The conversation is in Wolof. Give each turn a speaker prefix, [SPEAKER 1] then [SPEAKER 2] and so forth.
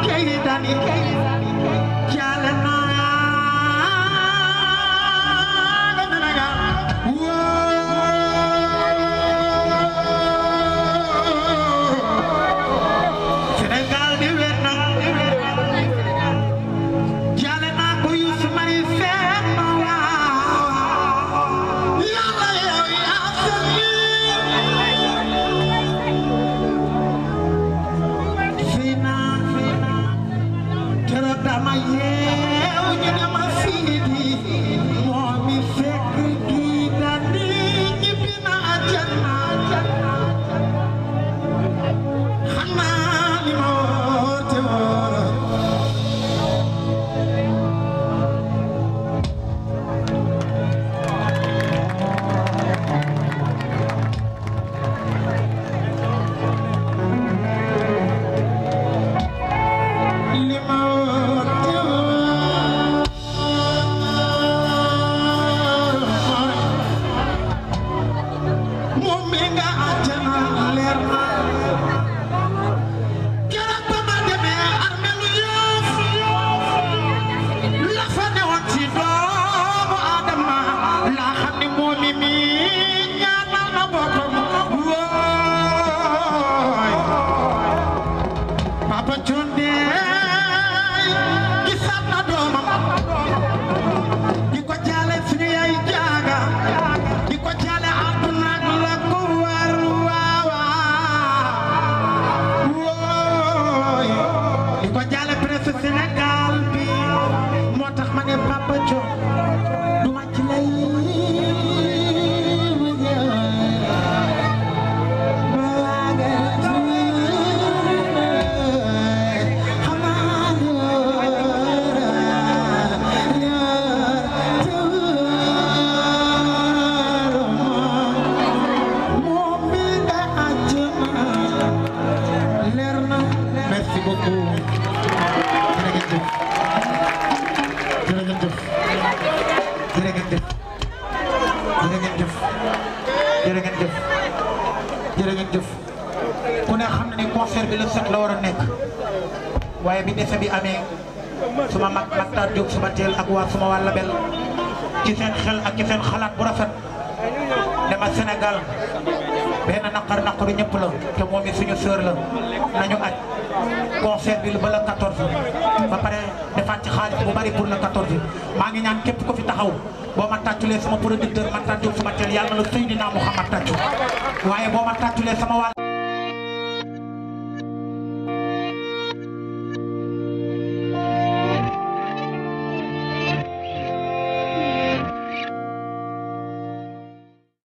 [SPEAKER 1] Dani, Dani, Dani, Dani,
[SPEAKER 2] jërë ngeen jëf jërë ngeen jëf ku ne xam na ni concert bi la set la war a nekk waaye bi dese bi amee suma mag Makhtar Diop suma teel ak waa suma waa label ci seen xel ak ci seen xalaat bu rafet dama Sénégal benn naqar naqaru ñëpp la te moom it suñu sœur la na nañu aj concert bi lu ba le 14 ba pare defaat ci xaalis bu bari pour le 14 maa ngi ñaan képp ko fi taxaw boo ma tàcculee sama producteur ma tàccul sama teel yàlla na Seydina Mouhamad tàccu waaye boo ma tàcculee sama